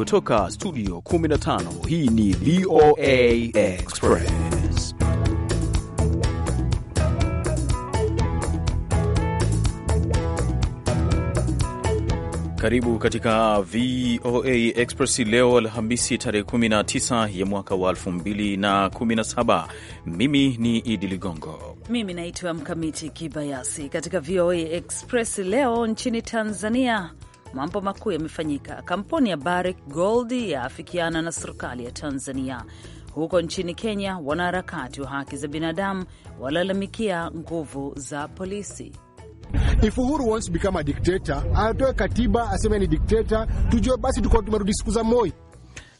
kutoka studio 15 hii ni VOA Express. Karibu katika VOA Express leo Alhamisi tarehe 19 ya mwaka wa 2017. Mimi ni Idi Ligongo, mimi naitwa Mkamiti Kibayasi. Katika VOA Express leo nchini Tanzania mambo makuu yamefanyika. Kampuni ya Barrick Gold yaafikiana na serikali ya Tanzania. Huko nchini Kenya, wanaharakati wa haki za binadamu walalamikia nguvu za polisi. If Uhuru wants to become a dictator, atoe katiba aseme ni tujue basi tuko tumerudi siku za Moi.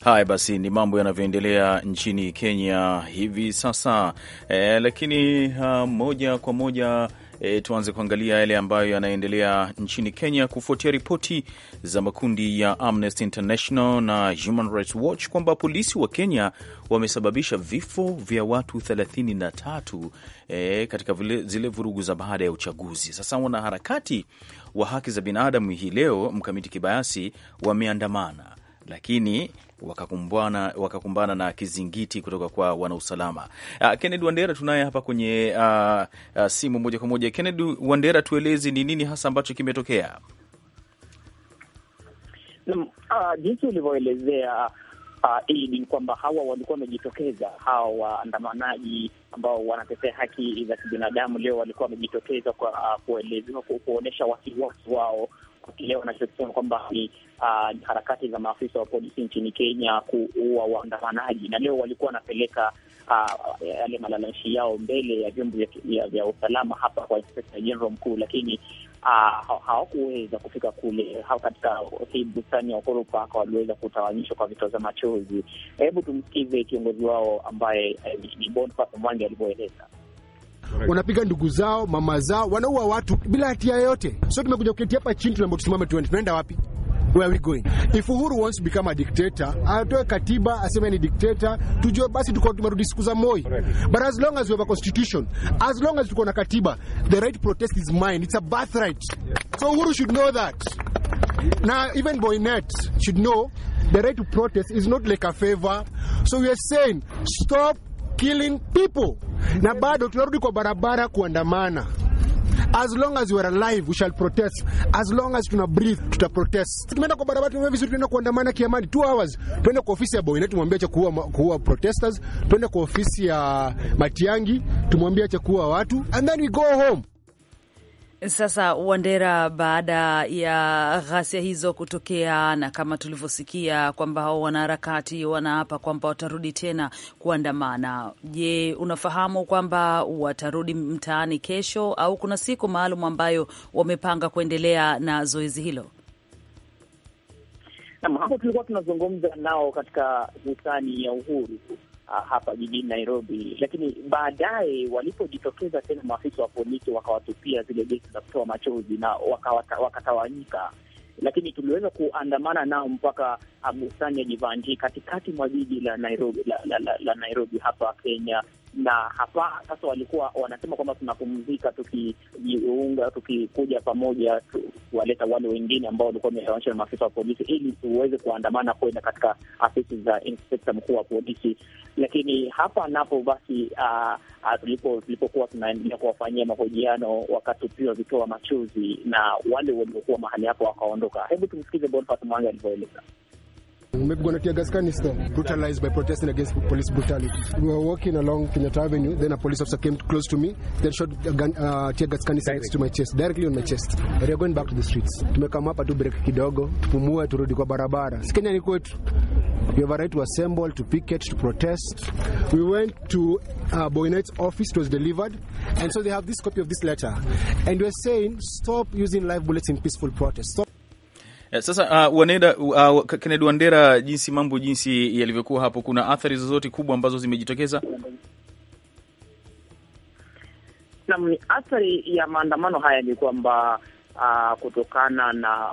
Haya basi, ni mambo yanavyoendelea nchini Kenya hivi sasa E, lakini uh, moja kwa moja E, tuanze kuangalia yale ambayo yanaendelea nchini Kenya kufuatia ripoti za makundi ya Amnesty International na Human Rights Watch kwamba polisi wa Kenya wamesababisha vifo vya watu 33 e, katika vile, zile vurugu za baada ya uchaguzi. Sasa wanaharakati wa haki za binadamu hii leo mkamiti kibayasi wameandamana lakini wakakumbana, wakakumbana na kizingiti kutoka kwa wanausalama. Uh, Kennedy Wandera tunaye hapa kwenye uh, uh, simu moja kwa moja. Kennedy Wandera, tueleze ni nini hasa ambacho kimetokea? Jinsi ulivyoelezea uh, ni kwamba hawa walikuwa wamejitokeza hawa waandamanaji ambao wanatetea haki za kibinadamu leo walikuwa wamejitokeza kwa uh, kuelezewa kuonyesha wasiwasi wao kwa kile kwamba ni uh, harakati za maafisa wa polisi nchini Kenya kuua waandamanaji, na leo walikuwa wanapeleka ah, yale uh, malalamishi yao mbele ya vyombo vya usalama hapa kwa inspekta jenerali mkuu, lakini uh, hawakuweza kufika kule. Hao katika hii bustani ya Uhuru Park waliweza kutawanyishwa kwa vitoza machozi. Hebu tumsikize kiongozi wao ambaye eh, ni Boniface Mwangi alivyoeleza. wanapiga ndugu zao, mama zao, wanaua watu bila hatia yoyote. So tumekuja kuketi hapa chini, tunaomba tusimame, tunaenda wapi? Where are we going? If Uhuru wants to become a dictator, atoe katiba aseme ni dictator, tujue basi tuko tumerudi siku za Moi. But as long as we have a constitution, as long as tuko na katiba, the right to protest is mine. It's a birthright. So Uhuru should know that. Now even Boynet should know the right to protest is not like a favor. So we are saying stop killing people. na bado tunarudi kwa barabara kuandamana. As long as we are alive we shall protest. As long as tuna breathe tuta protest. Tumeenda kwa barabara tumevaa vizuri, tunaenda kuandamana kiamani 2 hours. Tuende kwa ofisi ya Boynet tumwambie acha kuua kuua protesters. Tuende kwa ofisi ya Matiangi tumwambie acha kuua watu and then we go home. Sasa Wandera, baada ya ghasia hizo kutokea, na kama tulivyosikia kwamba hao wanaharakati wanaapa kwamba watarudi tena kuandamana, je, unafahamu kwamba watarudi mtaani kesho au kuna siku maalum ambayo wamepanga kuendelea na zoezi hilo? Nam, hapo tulikuwa tunazungumza nao katika bustani ya Uhuru uh, hapa jijini Nairobi, lakini baadaye walipojitokeza tena maafisa wa polisi wakawatupia zile gesi za kutoa machozi na wakatawanyika lakini tuliweza kuandamana nao mpaka bustani ah, ya Jivanji katikati mwa jiji la Nairobi, la, la, la, la Nairobi hapa Kenya, na hapa sasa walikuwa wanasema kwamba tunapumzika tukijiunga, tukikuja pamoja, kuwaleta wale wengine ambao walikuwa wamegawanishwa na maafisa wa polisi ili tuweze kuandamana kwenda katika afisi za inspekta mkuu wa polisi. Lakini hapa napo basi, ah, ah, tulipo tulipokuwa tunaendelea kuwafanyia mahojiano, wakatupiwa vitoa machozi na wale waliokuwa mahali hapo wakaondoka. Hebu tumsikize Bonifas Mwangi alivyoeleza. Maybe going to take Afghanistan, brutalized by protesting against police brutality. We were walking along Kenyatta Avenue, then a police officer came close to me, then shot a gun, uh, tear gas canister next to my chest, directly on my chest. We are going back to the streets. come up tu break kidogo, tupumue, turudi kwa barabara. Si Kenya ni kwetu. We have a right to assemble, to picket, to protest. We went to uh, Boynet's office, it was delivered, and so they have this copy of this letter. And we're saying, stop using live bullets in peaceful protest. Stop. Eh, sasa uh, Wandera, uh, jinsi mambo jinsi yalivyokuwa hapo, kuna athari zozote kubwa ambazo zimejitokeza? Naam, athari ya maandamano haya ni kwamba uh, kutokana na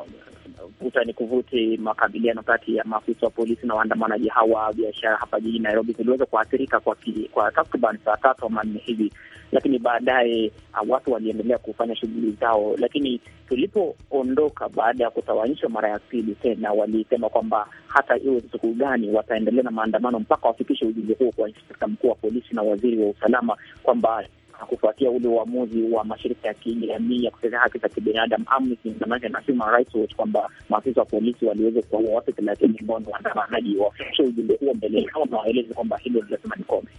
vuta ni kuvuti, makabiliano kati ya maafisa wa polisi na waandamanaji hawa wa biashara hapa jijini Nairobi ziliweza kuathirika kwa, kwa takriban saa tatu ama nne hivi, lakini baadaye ah, watu waliendelea kufanya shughuli zao. Lakini tulipoondoka baada ya kutawanyishwa mara ya pili tena, walisema kwamba hata iwe siku gani wataendelea na maandamano mpaka wafikishe ujumbe huo kwa inspekta mkuu wa polisi na waziri wa usalama kwamba kufuatia ule uamuzi wa mashirika ya kijamii ya kutetea haki za kibinadamu Amnesty International na Human Rights Watch kwamba maafisa wa polisi waliweza kuwaua watu thelathini ambao ni waandamanaji. Wafikisha ujumbe huo mbele yao na waeleze kwamba hilo lazima ni kome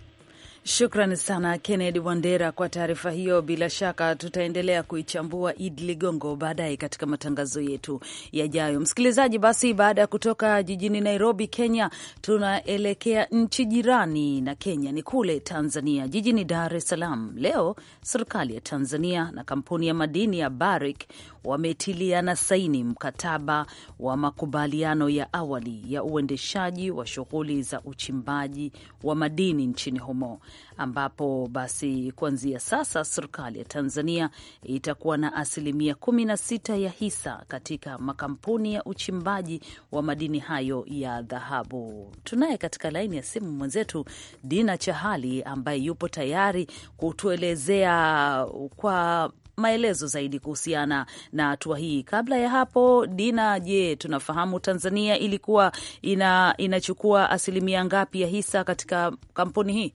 Shukran sana Kennedy Wandera kwa taarifa hiyo. Bila shaka tutaendelea kuichambua Idi Ligongo baadaye katika matangazo yetu yajayo. Msikilizaji, basi baada ya kutoka jijini Nairobi, Kenya, tunaelekea nchi jirani na Kenya, ni kule Tanzania, jijini Dar es Salaam. Leo serikali ya Tanzania na kampuni ya madini ya Barrick wametiliana saini mkataba wa makubaliano ya awali ya uendeshaji wa shughuli za uchimbaji wa madini nchini humo ambapo basi kuanzia sasa serikali ya Tanzania itakuwa na asilimia 16 ya hisa katika makampuni ya uchimbaji wa madini hayo ya dhahabu. Tunaye katika laini ya simu mwenzetu Dina Chahali ambaye yupo tayari kutuelezea kwa maelezo zaidi kuhusiana na hatua hii. Kabla ya hapo, Dina, je, tunafahamu Tanzania ilikuwa ina, inachukua asilimia ngapi ya hisa katika kampuni hii?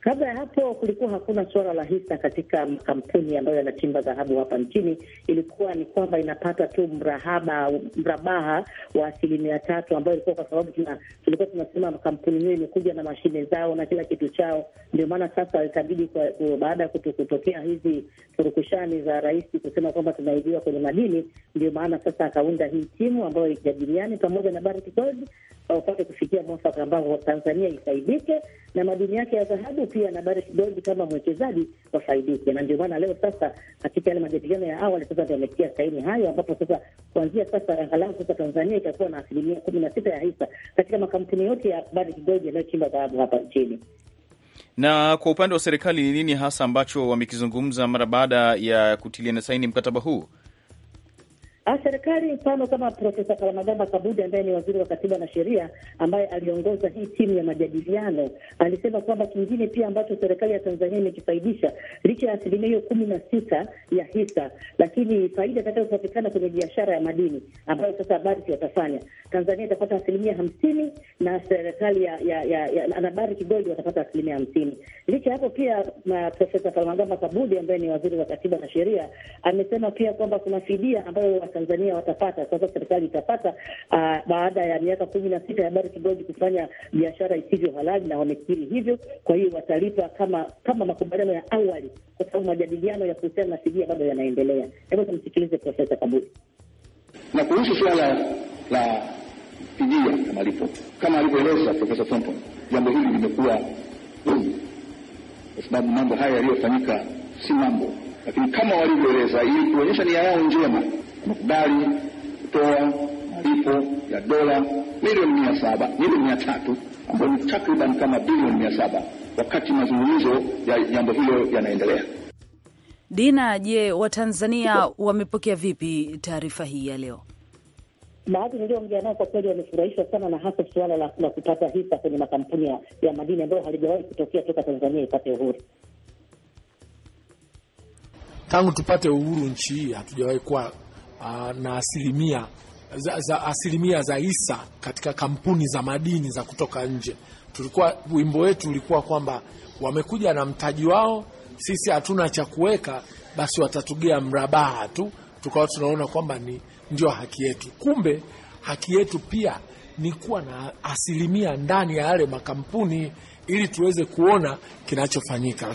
Kabla ya hapo kulikuwa hakuna suala la hisa katika kampuni ambayo yanachimba dhahabu hapa nchini. Ilikuwa ni kwamba inapata tu mrahaba mrabaha wa asilimia tatu, ambayo ilikuwa kwa sababu tuna, tulikuwa tunasema kampuni hiyo imekuja na mashine zao na kila kitu chao. Ndio maana sasa itabidi baada ya kutokea hizi furukushani za rais kusema kwamba tunaibiwa kwenye madini, ndio maana sasa akaunda hii timu ambayo ijadiliani pamoja na Barrick Gold wapate kufikia mwafaka ambao Tanzania ifaidike na madini yake ya dhahabu, pia na Barrick Gold kama mwekezaji wafaidike. Na ndio maana leo sasa katika yale majadiliano ya awali sasa ndio ametia saini hayo, ambapo sasa kuanzia sasa angalau sasa Tanzania itakuwa na asilimia kumi na sita ya hisa katika makampuni yote ya Barrick Gold yanayochimba dhahabu hapa nchini. Na kwa upande wa serikali ni nini hasa ambacho wamekizungumza mara baada ya kutiliana saini mkataba huu? Ah, serikali mfano kama Profesa Palamagamba Kabudi ambaye ni waziri wa katiba na sheria, ambaye aliongoza hii timu ya majadiliano, alisema kwamba kingine pia ambacho serikali ya Tanzania imekifaidisha licha ya asilimia hiyo kumi na sita ya hisa, lakini faida itakayopatikana kwenye biashara ya madini ambayo sasa Barrick watafanya, Tanzania itapata asilimia hamsini na serikali ya, ya, ya, ya, na Barrick Gold watapata asilimia hamsini. Licha ya hapo pia Profesa Palamagamba Kabudi ambaye ni waziri wa katiba na sheria amesema pia kwamba kuna fidia ambayo Watanzania watapata sasa, serikali itapata uh, baada ya miaka kumi na sita ya Barrick Gold kufanya biashara isivyo halali, na wamekiri hivyo. Kwa hiyo watalipa kama kama makubaliano ya awali, kwa sababu majadiliano ya kuhusiana na fidia bado yanaendelea. Hebu tumsikilize Profesa Kabuli. Na kuhusu suala la fidia na malipo, kama alivyoeleza Profesa Thompson, jambo hili limekuwa kwa sababu mambo haya yaliyofanyika si mambo lakini kama walivyoeleza, ili kuonyesha nia yao njema nakubali kutoa malipo ya dola milioni mia saba milioni mia tatu ambayo ni takriban kama bilioni mia saba wakati mazungumzo ya jambo hilo yanaendelea. Dina, je, Watanzania wamepokea vipi taarifa hii ya leo? Baadhi niliyoongea nao kwa kweli wamefurahishwa sana, na hasa suala la, la kupata hisa kwenye makampuni ya, ya madini ambayo halijawahi kutokea toka Tanzania ipate uhuru. Tangu tupate uhuru nchi hii hatujawahi kuwa Ah, na asilimia za, za, asilimia za hisa katika kampuni za madini za kutoka nje. Tulikuwa wimbo wetu ulikuwa kwamba wamekuja na mtaji wao, sisi hatuna cha kuweka, basi watatugea mrabaha tu, tukawa tunaona kwamba ni ndio haki yetu. Kumbe haki yetu pia ni kuwa na asilimia ndani ya yale makampuni ili tuweze kuona kinachofanyika.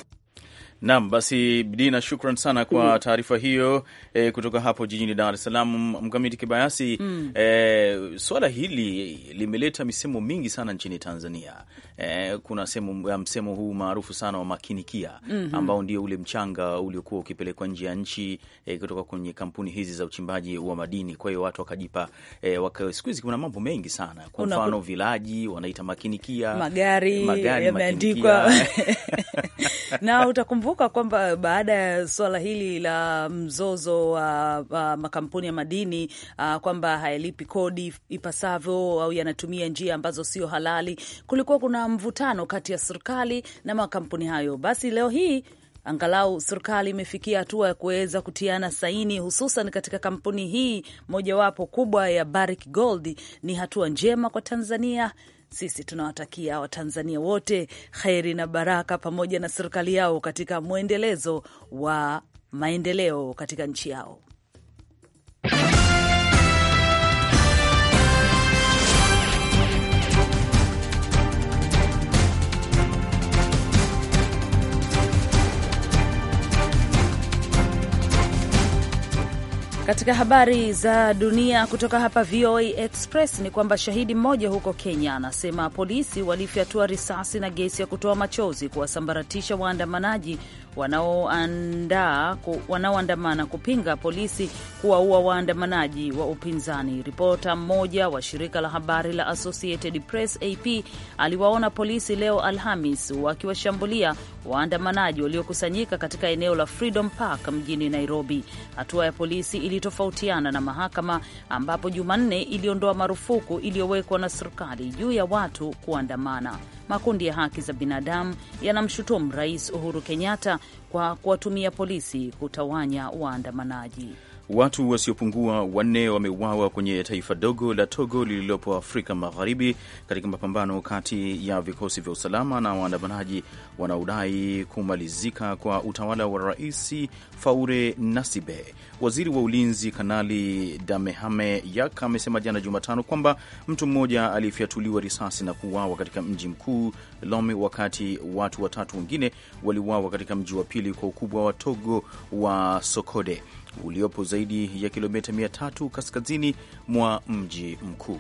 Naam, basi Dina, shukran sana kwa mm. taarifa hiyo e, kutoka hapo jijini Dar es Salaam. Mkamiti Kibayasi, mm. E, swala hili limeleta misemo mingi sana nchini Tanzania eh, kuna semu, msemo huu maarufu sana wa makinikia mm -hmm. ambao ndio ule mchanga uliokuwa ukipelekwa nje ya nchi eh, kutoka kwenye kampuni hizi za uchimbaji wa madini. Kwa hiyo watu wakajipa eh, waka, siku hizi kuna mambo mengi sana, kwa mfano vilaji wanaita makinikia, magari, eh, magari yameandikwa na utakumbuka kwamba baada ya swala hili la mzozo wa uh, uh, makampuni ya madini uh, kwamba hayalipi kodi ipasavyo au yanatumia njia ambazo sio halali, kulikuwa kuna mvutano kati ya serikali na makampuni hayo. Basi leo hii angalau serikali imefikia hatua ya kuweza kutiana saini, hususan katika kampuni hii mojawapo kubwa ya Barrick Gold. Ni hatua njema kwa Tanzania. Sisi tunawatakia Watanzania wote kheri na baraka pamoja na serikali yao katika mwendelezo wa maendeleo katika nchi yao. Katika habari za dunia kutoka hapa VOA Express ni kwamba shahidi mmoja huko Kenya anasema polisi walifyatua risasi na gesi ya kutoa machozi kuwasambaratisha waandamanaji wanaoandamana kupinga polisi kuwaua waandamanaji wa upinzani. Ripota mmoja wa shirika la habari la Associated Press AP aliwaona polisi leo Alhamis wakiwashambulia waandamanaji waliokusanyika katika eneo la Freedom Park mjini Nairobi. Hatua ya polisi ili ikitofautiana na mahakama ambapo Jumanne iliondoa marufuku iliyowekwa na serikali juu ya watu kuandamana. Makundi ya haki za binadamu yanamshutumu Rais Uhuru Kenyatta kwa kuwatumia polisi kutawanya waandamanaji. Watu wasiopungua wanne wameuawa kwenye taifa dogo la Togo lililopo Afrika Magharibi katika mapambano kati ya vikosi vya usalama na waandamanaji wanaodai kumalizika kwa utawala wa Rais Faure Nasibe. Waziri wa ulinzi Kanali Damehame Yak amesema jana Jumatano kwamba mtu mmoja alifyatuliwa risasi na kuuawa katika mji mkuu Lome, wakati watu watatu wengine waliuawa katika mji wa pili kwa ukubwa wa Togo wa Sokode uliopo zaidi ya kilomita 300 kaskazini mwa mji mkuu.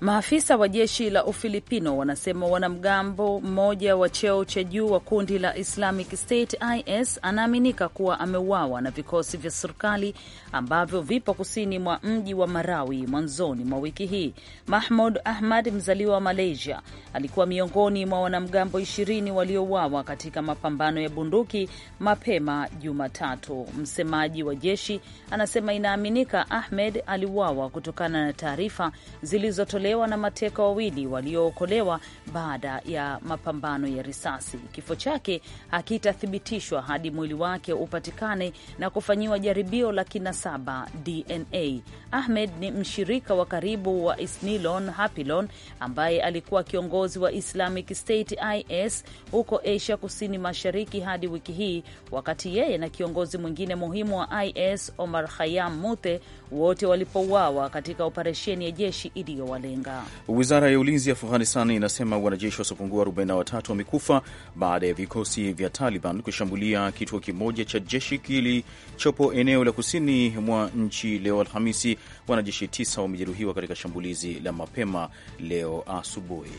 Maafisa wa jeshi la Ufilipino wanasema wanamgambo mmoja wa cheo cha juu wa kundi la Islamic State IS anaaminika kuwa ameuawa na vikosi vya serikali ambavyo vipo kusini mwa mji wa Marawi mwanzoni mwa wiki hii. Mahmud Ahmad, mzaliwa wa Malaysia, alikuwa miongoni mwa wanamgambo ishirini waliouawa katika mapambano ya bunduki mapema Jumatatu. Msemaji wa jeshi anasema inaaminika Ahmed aliuawa kutokana na taarifa zilizotolewa kuokolewa na mateka wawili waliookolewa baada ya mapambano ya risasi. Kifo chake hakitathibitishwa hadi mwili wake upatikane na kufanyiwa jaribio la kinasaba DNA. Ahmed ni mshirika wa karibu wa Isnilon Hapilon ambaye alikuwa kiongozi wa Islamic State IS huko Asia Kusini Mashariki hadi wiki hii, wakati yeye na kiongozi mwingine muhimu wa IS Omar hayam Muthe wote walipouawa katika operesheni ya jeshi iliyowalenga kujenga. Wizara ya ulinzi ya Afghanistan inasema wanajeshi wasiopungua 43 wamekufa baada ya vikosi vya Taliban kushambulia kituo kimoja cha jeshi kilichopo eneo la kusini mwa nchi leo Alhamisi. Wanajeshi tisa wamejeruhiwa katika shambulizi la mapema leo asubuhi.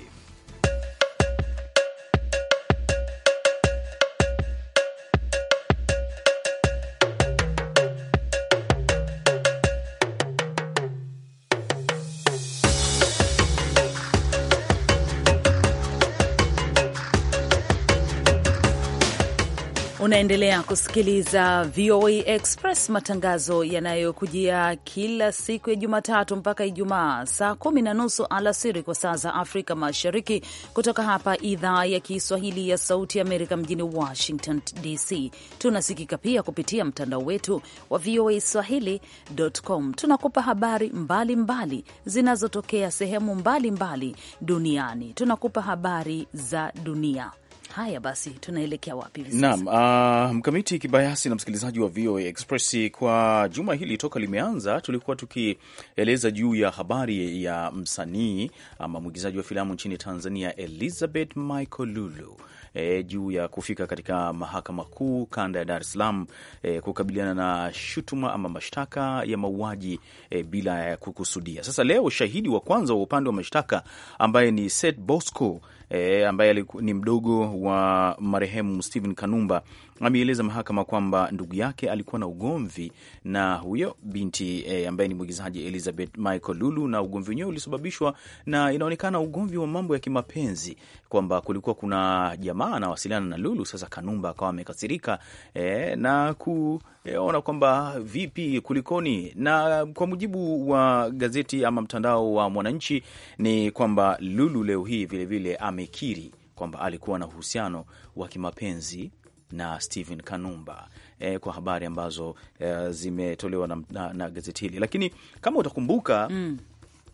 Unaendelea kusikiliza VOA Express, matangazo yanayokujia kila siku ya Jumatatu mpaka Ijumaa saa kumi na nusu alasiri kwa saa za Afrika Mashariki, kutoka hapa idhaa ya Kiswahili ya Sauti ya Amerika mjini Washington DC. Tunasikika pia kupitia mtandao wetu wa VOA Swahili.com. Tunakupa habari mbalimbali zinazotokea sehemu mbalimbali mbali duniani. Tunakupa habari za dunia Haya basi, tunaelekea wapi? Naam, uh, mkamiti kibayasi na msikilizaji wa VOA Express, kwa juma hili toka limeanza, tulikuwa tukieleza juu ya habari ya msanii ama mwigizaji wa filamu nchini Tanzania Elizabeth Michael Lulu E, eh, juu ya kufika katika mahakama kuu kanda ya Dar es Salaam e, kukabiliana na shutuma ama mashtaka ya mauaji e, bila ya kukusudia. Sasa leo shahidi wa kwanza wa upande wa mashtaka ambaye ni Seth Bosco e, ambaye ni mdogo wa marehemu Stephen Kanumba ameeleza mahakama kwamba ndugu yake alikuwa na ugomvi na huyo binti e, ambaye ni mwigizaji Elizabeth Michael Lulu, na ugomvi wenyewe ulisababishwa na inaonekana ugomvi wa mambo ya kimapenzi, kwamba kulikuwa kuna jamaa anawasiliana na Lulu. Sasa Kanumba akawa amekasirika e, na ku ona kwamba vipi, kulikoni? Na kwa mujibu wa gazeti ama mtandao wa Mwananchi ni kwamba Lulu leo hii vilevile amekiri kwamba alikuwa na uhusiano wa kimapenzi na Stephen Kanumba eh, kwa habari ambazo eh, zimetolewa na, na, na gazeti hili, lakini kama utakumbuka mm.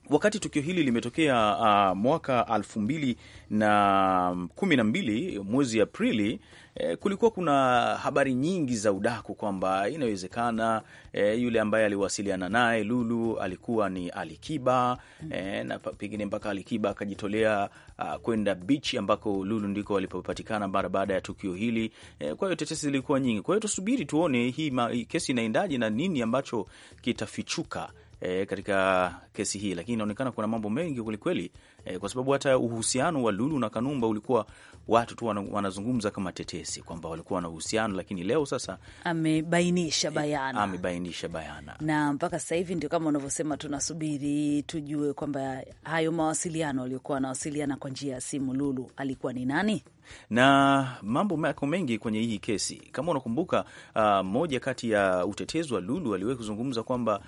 Wakati tukio hili limetokea uh, mwaka elfu mbili na kumi na mbili mwezi Aprili, eh, kulikuwa kuna habari nyingi za udaku kwamba inawezekana eh, yule ambaye aliwasiliana naye Lulu alikuwa ni Alikiba eh, na pengine mpaka Alikiba akajitolea uh, kwenda bichi ambako Lulu ndiko walipopatikana mara baada ya tukio hili eh, kwa hiyo tetesi zilikuwa nyingi. Kwa hiyo tusubiri tuone hii kesi inaendaje na nini ambacho kitafichuka e, katika kesi hii, lakini inaonekana kuna mambo mengi kwelikweli e, kwa sababu hata uhusiano wa Lulu na Kanumba ulikuwa watu tu wanazungumza kama tetesi kwamba walikuwa na uhusiano, lakini leo sasa amebainisha bayana, amebainisha bayana, na mpaka sasa hivi ndio kama unavyosema, tunasubiri tujue kwamba hayo mawasiliano waliokuwa wanawasiliana kwa njia ya simu, Lulu alikuwa ni nani na mambo mako mengi kwenye hii kesi. Kama unakumbuka, uh, moja kati ya utetezi wa Lulu aliwahi kuzungumza kwamba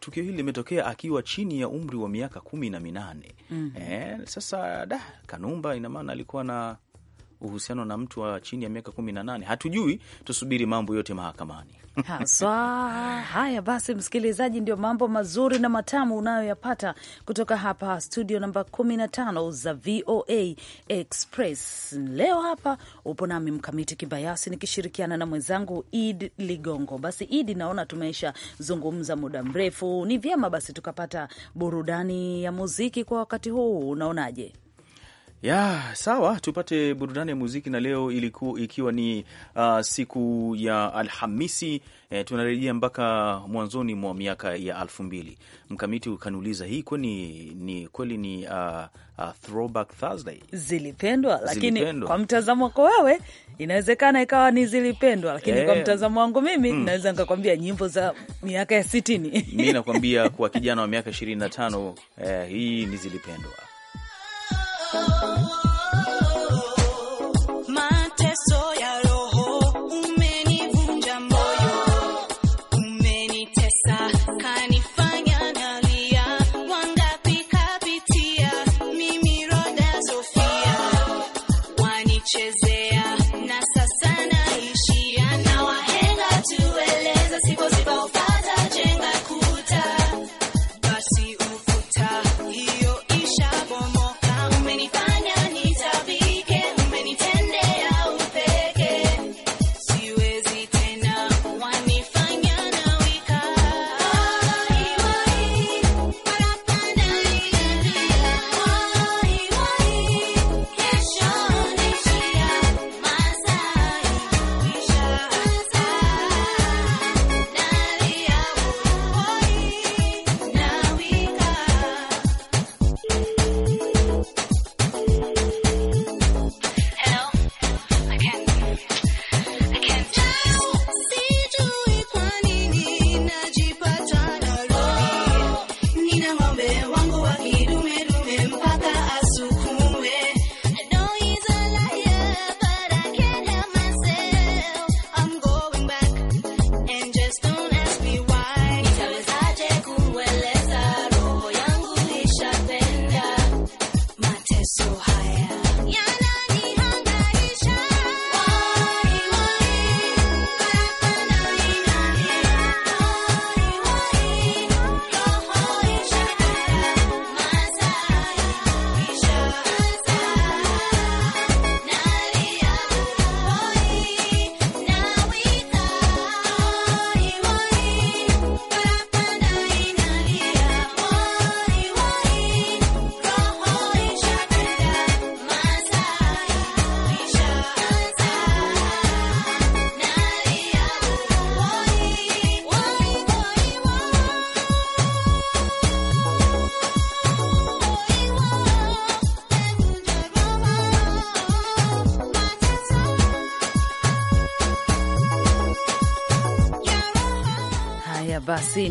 tukio hili limetokea akiwa chini ya umri wa miaka kumi na minane. Mm mm. sasa da Kanumba ina maana alikuwa na uhusiano na mtu wa chini ya miaka kumi na nane. Hatujui, tusubiri mambo yote mahakamani haswa. Haya basi, msikilizaji, ndio mambo mazuri na matamu unayoyapata kutoka hapa studio namba 15 za VOA Express. Leo hapa upo nami Mkamiti Kibayasi nikishirikiana na mwenzangu Id Ligongo. Basi Idi, naona tumeisha zungumza muda mrefu, ni vyema basi tukapata burudani ya muziki kwa wakati huu, unaonaje? Ya sawa, tupate burudani ya muziki, na leo iliku, ikiwa ni uh, siku ya Alhamisi eh, tunarejea mpaka mwanzoni mwa miaka ya alfu mbili. Mkamiti ukaniuliza hii kweli ni kweli ni uh, uh, throwback Thursday zilipendwa, lakini zilipendwa. Kwa mtazamo wako wewe inawezekana ikawa ni zilipendwa, lakini eh, kwa mtazamo wangu mimi mm, naweza nikakwambia nyimbo za miaka ya sitini mi nakwambia kwa kijana wa miaka ishirini na tano eh, hii ni zilipendwa oh.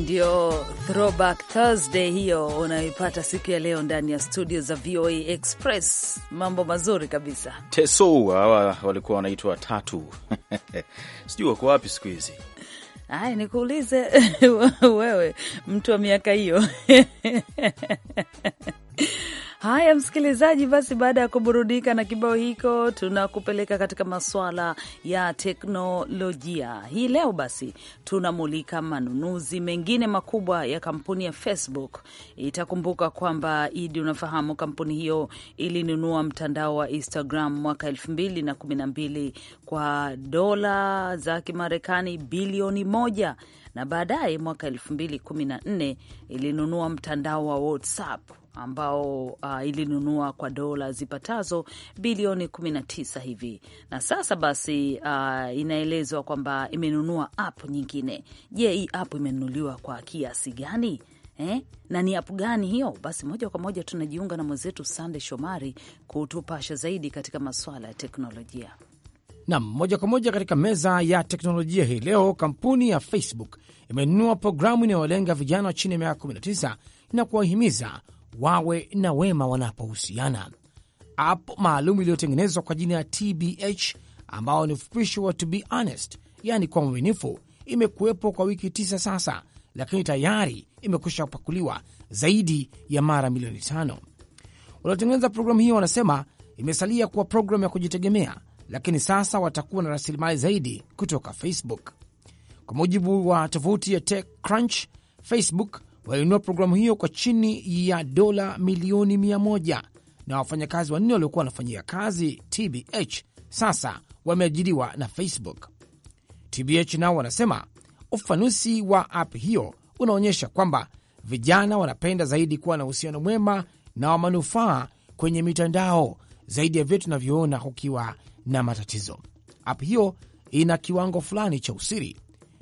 Ndio throwback Thursday hiyo unayoipata siku ya leo ndani ya studio za VOA Express. Mambo mazuri kabisa. Teso hawa walikuwa wanaitwa tatu sijui wako wapi siku hizi. Aya, nikuulize wewe, mtu wa miaka hiyo Haya msikilizaji, basi baada ya kuburudika na kibao hiko, tunakupeleka katika masuala ya teknolojia hii leo. Basi tunamulika manunuzi mengine makubwa ya kampuni ya Facebook. Itakumbuka kwamba Idi, unafahamu kampuni hiyo ilinunua mtandao wa Instagram mwaka elfu mbili na kumi na mbili kwa dola za Kimarekani bilioni moja na baadaye mwaka elfu mbili kumi na nne ilinunua mtandao wa WhatsApp ambao uh, ilinunua kwa dola zipatazo bilioni 19 hivi, na sasa basi uh, inaelezwa kwamba imenunua app nyingine. Je, hii app imenunuliwa kwa kiasi gani? Eh, na ni app gani hiyo? Basi moja kwa moja tunajiunga na mwenzetu Sande Shomari kutupasha zaidi katika masuala ya teknolojia. Nam, moja kwa moja katika meza ya teknolojia hii leo, kampuni ya Facebook imenunua programu inayolenga vijana wa chini ya miaka 19 na kuwahimiza wawe na wema wanapohusiana. App maalum iliyotengenezwa kwa jina ya TBH ambao ni ufupisho wa to be honest, yaani kwa mwaminifu, imekuwepo kwa wiki tisa sasa, lakini tayari imekwisha pakuliwa zaidi ya mara milioni tano. Waliotengeneza programu hiyo wanasema imesalia kuwa programu ya kujitegemea, lakini sasa watakuwa na rasilimali zaidi kutoka Facebook. Kwa mujibu wa tovuti ya TechCrunch, Facebook walinunua programu hiyo kwa chini ya dola milioni mia moja na wafanyakazi wanne waliokuwa wanafanyia kazi TBH sasa wameajiriwa na Facebook. TBH nao wanasema ufanusi wa app hiyo unaonyesha kwamba vijana wanapenda zaidi kuwa na uhusiano mwema na wa manufaa kwenye mitandao zaidi ya vile tunavyoona kukiwa na matatizo. App hiyo ina kiwango fulani cha usiri,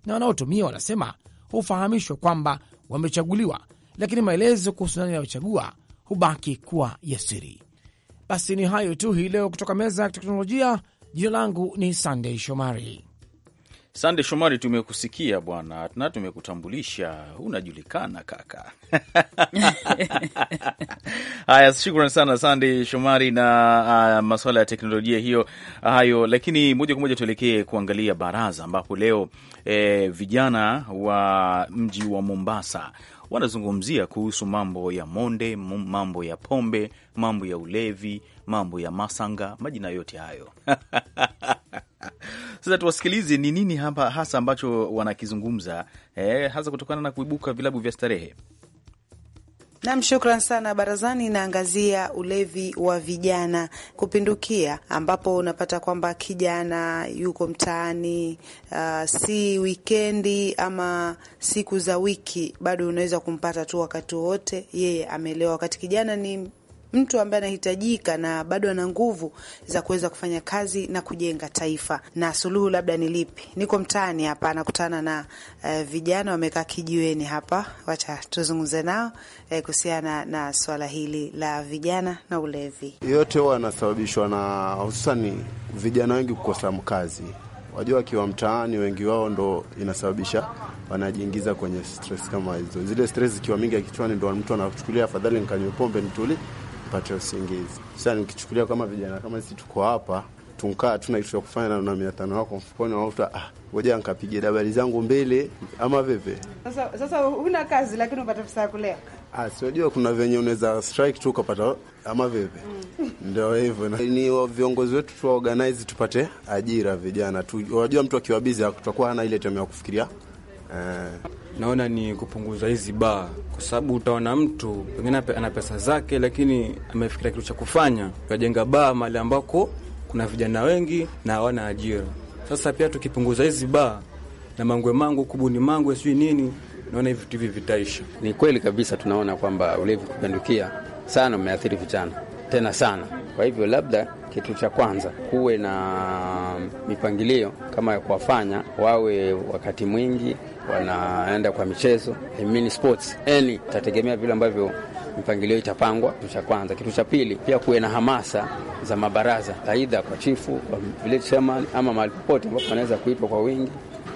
na wanaotumia wanasema hufahamishwa kwamba wamechaguliwa, lakini maelezo kuhusu nani anayochagua hubaki kuwa ya siri. Basi ni hayo tu hii leo kutoka meza ya teknolojia. Jina langu ni Sandey Shomari. Sande Shomari, tumekusikia bwana, na tumekutambulisha, unajulikana kaka. Haya, shukran sana Sande Shomari na uh, masuala ya teknolojia hiyo ah, hayo. Lakini moja kwa moja tuelekee kuangalia Baraza ambapo leo eh, vijana wa mji wa Mombasa wanazungumzia kuhusu mambo ya monde, mambo ya pombe, mambo ya ulevi, mambo ya masanga, majina yote hayo Sasa tuwasikilize ni nini hapa hasa ambacho wanakizungumza, eh, hasa kutokana na kuibuka vilabu vya starehe. Nam, shukran sana. Barazani inaangazia ulevi wa vijana kupindukia, ambapo unapata kwamba kijana yuko mtaani, uh, si wikendi ama siku za wiki, bado unaweza kumpata tu wakati wowote, yeye amelewa, wakati kijana ni mtu ambaye anahitajika na bado ana nguvu za kuweza kufanya kazi na kujenga taifa. Na suluhu labda ni lipi? Niko mtaani hapa, anakutana na eh, vijana wamekaa kijiweni hapa, wacha tuzungumze nao eh, kuhusiana na swala hili la vijana na ulevi. Yote huwa yanasababishwa na hususani vijana wengi kukosa mkazi. Wajua, wakiwa mtaani wengi wao ndo inasababisha wanajiingiza kwenye stress kama hizo. Zile stress zikiwa mingi ya kichwani, ndo mtu anachukulia afadhali nikanywe pombe nituli kupata usingizi. Sasa nikichukulia kama vijana kama sisi tuko hapa tunkaa tuna kitu cha kufanya na, mia tano wako mfukoni, wauta ah, ngoja nikapigie dabari zangu mbele, ama vipi? Sasa sasa huna kazi, lakini upata pesa ya kulea. Ah, siwajua kuna venye unaweza strike tu ukapata, ama vipi? mm. Ndio hivyo ni viongozi wetu tu organize tupate ajira vijana tu. Wajua mtu akiwa busy atakuwa hana ile time ya kufikiria eh naona ni kupunguza hizi baa, kwa sababu utaona mtu pengine ana pesa zake, lakini amefikiria kitu cha kufanya, kajenga baa mahali ambako kuna vijana wengi na hawana ajira. Sasa pia tukipunguza hizi baa na mangwe mangu kubuni mangwe sijui nini, naona hivi vitu hivi vitaisha. Ni kweli kabisa, tunaona kwamba ulevi kupindukia sana umeathiri vijana tena sana. Kwa hivyo labda kitu cha kwanza kuwe na mipangilio kama ya kuwafanya wawe wakati mwingi wanaenda kwa michezo eh, mini sports yani, tategemea vile ambavyo mpangilio itapangwa, kitu cha kwanza. Kitu cha pili, pia kuwe na hamasa za mabaraza, aidha kwa chifu, kwa village chairman ama mahali popote ambapo wanaweza kuitwa kwa wingi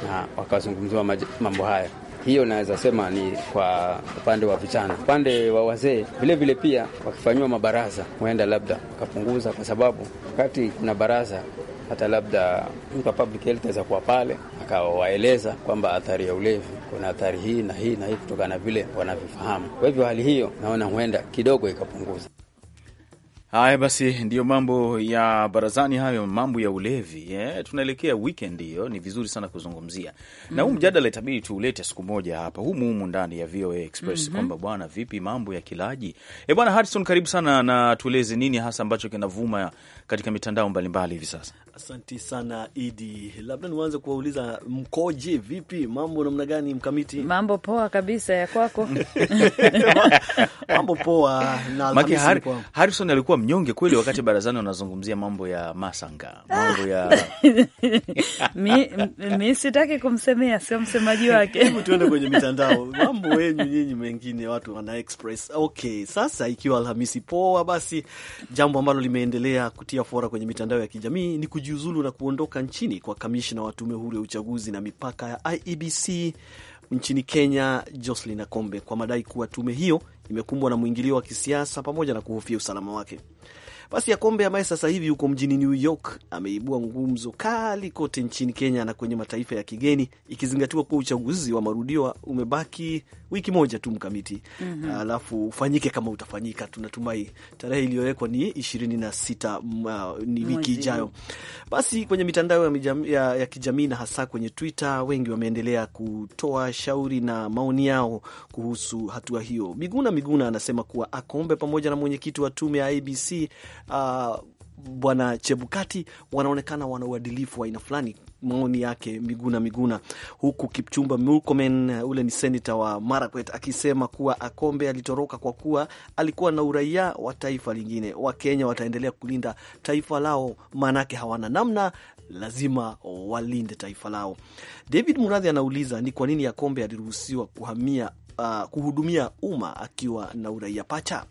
na wakazungumziwa mambo haya. Hiyo naweza sema ni kwa upande wa vijana. Upande wa wazee vilevile, pia wakifanyiwa mabaraza, huenda labda wakapunguza, kwa sababu wakati kuna baraza hata labda mtu wa public health aweza kuwa pale akawaeleza kwamba athari ya ulevi kuna athari hii na hii na hii, kutokana na vile wanavyofahamu. Kwa hivyo hali hiyo naona huenda kidogo ikapunguza Haya basi, ndiyo mambo ya barazani hayo, mambo ya ulevi yeah. Tunaelekea weekend, hiyo ni vizuri sana kuzungumzia mm -hmm. na huu mm-hmm. mjadala itabidi tuulete siku moja hapa humu humu ndani ya VOA Express mm -hmm. kwamba bwana, vipi mambo ya kilaji e, bwana Harrison, karibu sana na tueleze nini hasa ambacho kinavuma katika mitandao mbalimbali hivi sasa. Asanti sana Idi, labda niwanze kuwauliza mkoje, vipi mambo, namna gani? Mkamiti, mambo poa kabisa, ya kwako? mambo poa na Maki Har Harrison alikuwa mnyonge kweli wakati barazani wanazungumzia mambo ya Masanga, mambo ya mi, mi sitaki kumsemea, sio msemaji wake. Hebu tuende kwenye mitandao, mambo wenyu nyinyi mengine, watu wana express. Okay, sasa ikiwa Alhamisi poa, basi jambo ambalo limeendelea kutia fora kwenye mitandao ya kijamii ni kujua kujiuzulu na kuondoka nchini kwa kamishna wa tume huru ya uchaguzi na mipaka ya IEBC nchini Kenya, Jocelyn Akombe, kwa madai kuwa tume hiyo imekumbwa na mwingilio wa kisiasa pamoja na kuhofia usalama wake. Basi Akombe ambaye sasa hivi yuko mjini New York ameibua ngumzo kali kote nchini Kenya na kwenye mataifa ya kigeni, ikizingatiwa kuwa uchaguzi wa marudio umebaki wiki moja tu mkamiti, mm -hmm. Alafu ufanyike kama utafanyika, tunatumai tarehe iliyowekwa ni ishirini na sita uh, ni wiki ijayo. Basi kwenye mitandao ya, ya, ya kijamii na hasa kwenye Twitter wengi wameendelea kutoa shauri na maoni yao kuhusu hatua hiyo. Miguna Miguna anasema kuwa Akombe pamoja na mwenyekiti wa tume ya ABC uh, Bwana Chebukati wanaonekana wana uadilifu wa aina fulani. Maoni yake Miguna Miguna, huku Kipchumba Murkomen, uh, ule ni senata wa Marakwet, akisema kuwa Akombe alitoroka kwa kuwa alikuwa na uraia wa taifa lingine. Wakenya wataendelea kulinda taifa lao, maanake hawana namna, lazima walinde taifa lao. David Muradhi anauliza ni kwa nini Akombe aliruhusiwa kuhamia, uh, kuhudumia umma akiwa na uraia pacha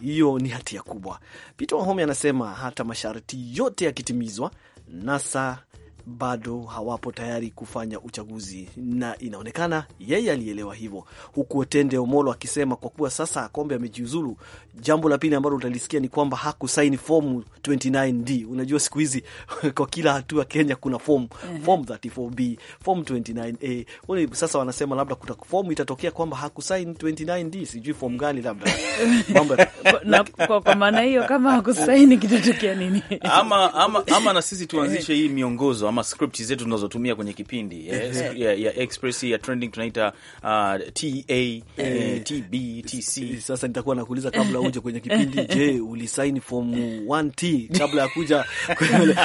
hiyo ni hatia kubwa. Peter Wahome anasema hata masharti yote yakitimizwa, NASA bado hawapo tayari kufanya uchaguzi, na inaonekana yeye alielewa hivyo, huku Otende Omolo akisema kwa kuwa sasa Kombe amejiuzulu. Jambo la pili ambalo utalisikia ni kwamba hakusaini fomu 29D. Unajua siku hizi kwa kila hatua Kenya kuna fomu, fomu 34B, fomu 29A. Sasa wanasema labda kuta fomu itatokea kwamba hakusaini 29D, sijui fomu gani, labda mambo na kwa, kwa maana hiyo, kama hakusaini kitatokea nini? Ama, ama, ama na sisi tuanzishe hii miongozo ama zetu tunazotumia kwenye kipindi ya, eh, ya, ya Express ya trending tunaita uh, ta eh, eh. tb tc. Sasa nitakuwa nakuuliza kabla uje kwenye kipindi, je, ulisaini fomu 1t kabla ya kuja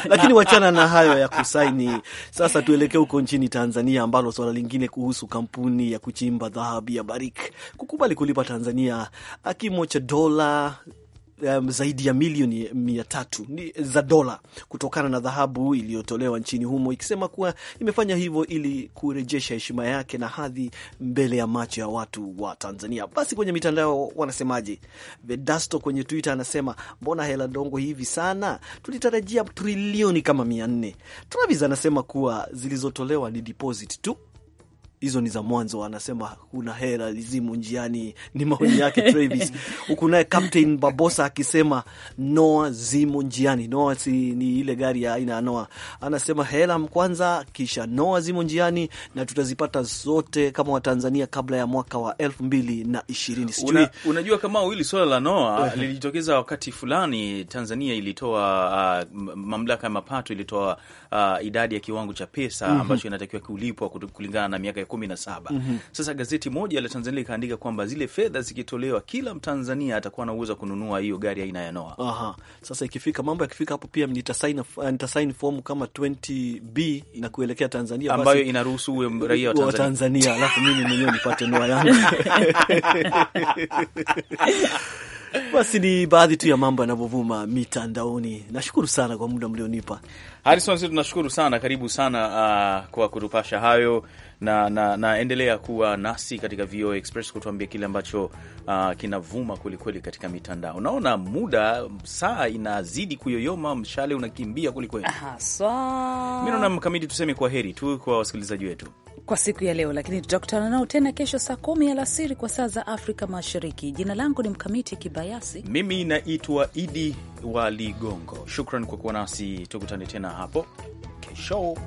lakini wachana na hayo ya kusaini. Sasa tuelekee huko nchini Tanzania, ambalo swala lingine kuhusu kampuni ya kuchimba dhahabu ya Barik kukubali kulipa Tanzania kimo cha dola um, zaidi ya milioni mia tatu za dola kutokana na dhahabu iliyotolewa nchini humo, ikisema kuwa imefanya hivyo ili kurejesha heshima yake na hadhi mbele ya macho ya watu wa Tanzania. Basi kwenye mitandao wanasemaje? Vedasto kwenye Twitter anasema mbona hela dongo hivi sana, tulitarajia trilioni kama mia nne. Travis anasema kuwa zilizotolewa ni deposit tu hizo ni za mwanzo, anasema kuna hela lizimu njiani. Ni maoni yake Travis. Huku naye Captain Babosa akisema noa zimo njiani. Noa si ni ile gari ya aina ya noa, anasema hela kwanza, kisha noa zimo njiani, na tutazipata zote kama Watanzania kabla ya mwaka wa elfu mbili na ishirini. Sijui unajua kama hili swala la noa lilijitokeza wakati fulani, Tanzania ilitoa uh, mamlaka ya mapato ilitoa uh, idadi ya kiwango cha pesa mhm. ambacho mm -hmm. inatakiwa kulipwa kulingana na miaka kumi na saba. mm -hmm. Sasa gazeti moja la Tanzania likaandika kwamba zile fedha zikitolewa, kila Mtanzania atakuwa na uwezo wa kununua hiyo gari aina ya Noah. Aha. Sasa ikifika mambo yakifika hapo pia nitasaini uh, fomu kama 20B na kuelekea Tanzania ambayo inaruhusu uwe raia wa Tanzania alafu mimi mwenyewe nipate Noah yangu Basi ni baadhi tu ya mambo yanavyovuma mitandaoni. Nashukuru sana kwa muda mlionipa, Harison. si tunashukuru sana, karibu sana uh, kwa kutupasha hayo na, na naendelea kuwa nasi katika VO Express kutuambia kile ambacho uh, kinavuma kwelikweli katika mitandao. Naona muda saa inazidi kuyoyoma, mshale unakimbia kwelikweli. Mi naona mkamiti, tuseme kwa heri tu kwa wasikilizaji wetu kwa siku ya leo, lakini tutakutana nao tena kesho saa kumi alasiri kwa saa za Afrika Mashariki. Jina langu ni Mkamiti Kibayasi, mimi naitwa Idi wa Ligongo. Shukran kwa kuwa nasi, tukutane tena hapo kesho.